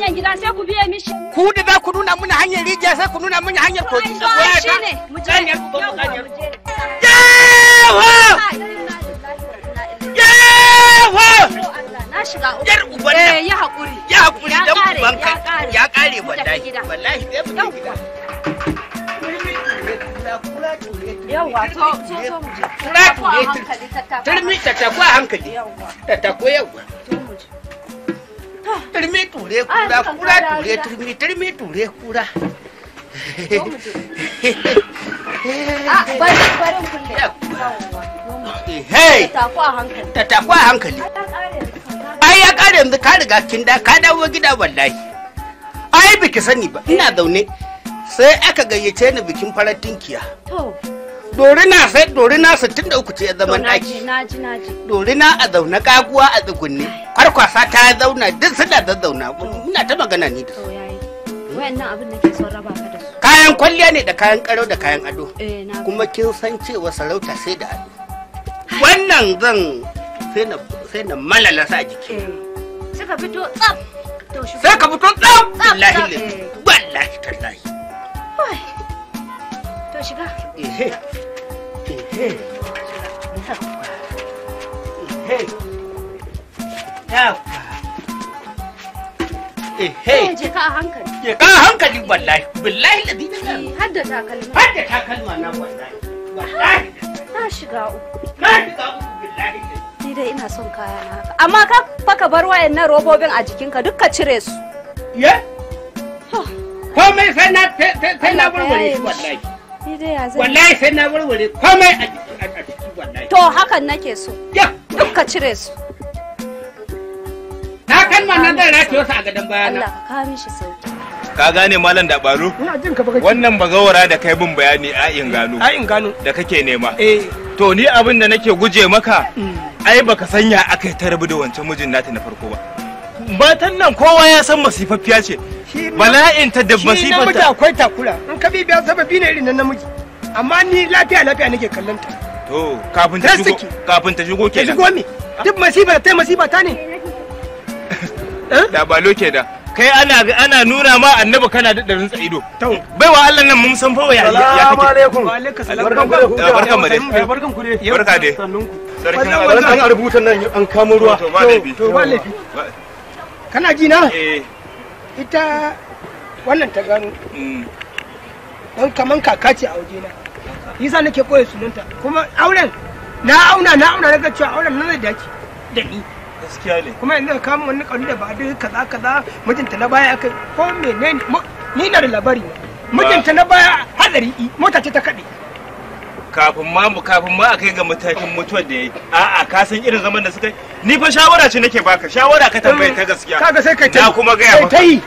hanyar gida sai ku biye mishi. Ku da za ku nuna mini hanyar rijiya sai ku nuna mini hanyar kogi. Ko ya ta? Mu je. Yawa! Yawa! Na shiga uku. Yar uban nan. Eh, ya haƙuri. Ya haƙuri dan ubanka. Ya ƙare wallahi. Wallahi sai mu gida. to, Turmi ta tafi a hankali. Ta tafi yawa. Turmi ture kura kura ture turmi turmi ture kura ah, ta a hankali ai ya kare yanzu ka riga kin da ka dawo gida wallahi ai biki sani ba ina zaune sai aka gayyace ni bikin farar tinkiya dorina sai da uku ce ya zama Dori dorina a zauna kaguwa a tsugunni. Kwarkwasa ta ta zauna duk suna da zauna muna ta magana ni da su. kayan kwalliya ne da kayan karo da kayan ado eh, kuma kin san cewa sarauta sai da ado wannan zan sai na malala sa jiki suka fito tsaf sai ka fito tsaf wallahi eh. wallahi tallahi To shiga. Ehe. Ehe. Ehe. Yawa. Ehe. Eh, je ka a hankali. Je ka a hankali wallahi. Billahi ladi na kan. Eh, hadda takalma. Hadda takalma na wallahi. Wallahi. Na shiga uku. Na shiga uku billahi. Ni dai ina son kaya na haka. Amma ka faka bar wayannan robobin a jikinka duk ka cire su. Ye? Komai sai na sai na burbure shi wallahi. wallahi sai na warware komai a ciki wallahi to hakan nake so duk ka cire su na kan ma nan zan rake wasu a gadon bayana Allah ka kare shi sauki ka gane malam da baro wannan bagawara da kai bin bayani a in gano a in gano da kake nema eh to ni abin da nake guje maka mm. ai baka sanya akai tarbi da wancan mijin nata na farko ba matan nan kowa ya san masifaffiya ce bala'inta da masifanta shi namiji akwai takura in ka bi biya sababi ne irin na namiji amma ni lafiya lafiya nake kallon ta to kafin ta shigo kafin ta shigo kenan shigo me duk masifa ta masifa ta ne eh? da loke da. kai ana ana nuna ma annabi kana da darin ido bai wa Allah nan mun san fa ya ya kake alaikum barkan mu dai barkan ku dai barka dai sarkin Allah an rubuta nan an kamo ruwa to ba laifi to ba laifi kana jina eh ita wannan ta gano mm. don kaman kaka ce a wajena na yasa nake koya sunanta kuma auren na auna na auna daga cewa auren nan da dace da ni gaskiya ne kuma yanzu ka kama wani kalu da ba duk kaza kaza mijinta na baya akai ko menene ni na da labari mijinta na baya hadari mota ce ta kaɗe kafin ma kafin ma akai ga matakin mutuwar da yake a'a ka san irin zaman da suka yi ni fa shawara ce nake baka shawara ka tambaye ta gaskiya kaga sai kai ta na kuma gaya maka kai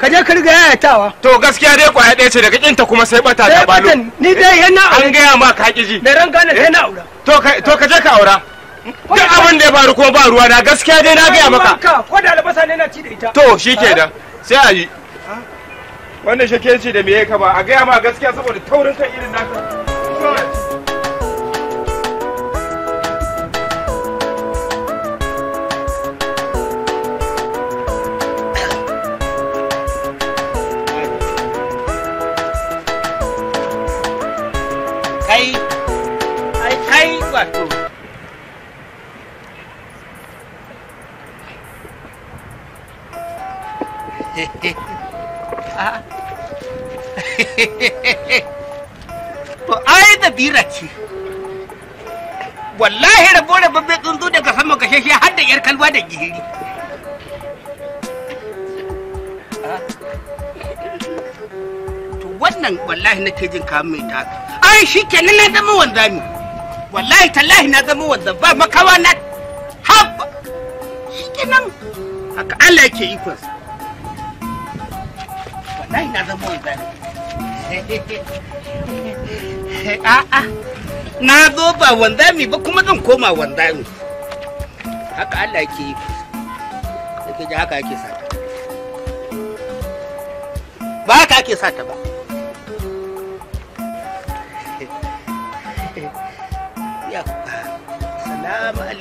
ka je ka riga yayatawa to gaskiya dai kwaya ɗaya ce daga kinta kuma sai bata da balo ni dai yana an gaya ma ka kiji da ran gane sai na aura eh, to kai to ka je ka aura duk abin da ya faru kuma ba ruwa na gaskiya dai na gaya maka ko da albasa ne na ci da ita to shikenan sai a yi wannan ci da me ka ba a gaya ma gaskiya saboda taurin kan irin naka ba to ai da bira ce wallahi rabo rabo babbe tsuntsu daga sama kashe shi har da yar kalwa da gihiri to wannan wallahi nake jin kamun mai ta ai shi kenan na zama wanzami wallahi tallahi na zama wanda ba makawa na haba shikenan haka Allah yake ikon wallahi na zama wanda a'a na zo ba wanda mi ba kuma zan koma wanda mi haka Allah yake ikon yake ji haka yake sata ba haka ake sata ba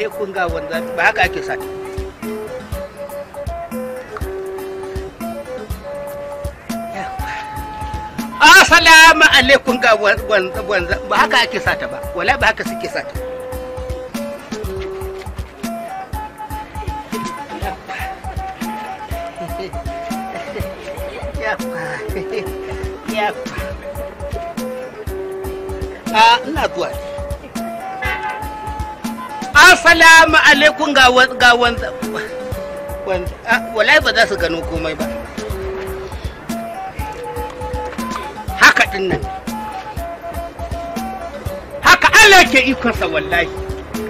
kun ga wanda ba haka ake sa Assalamu alaikum ga wanda wanda ba haka ake sata ba wala ba haka suke sata Ya yapa. Ah, ina zuwa ne. Assalamu alaikum ga ga wanda wallahi ba za su gano komai ba. Haka din nan. Haka Allah ke ikonsa wallahi.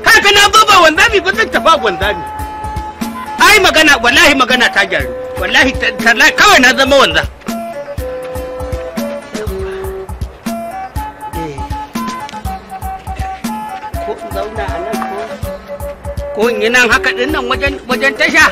Haka na baba wanzami ba zan tafa wanzami. Ai magana wallahi magana ta gyaru. Wallahi kawai na zama wanzami. ko in yi nan haka ɗin nan wajen tasha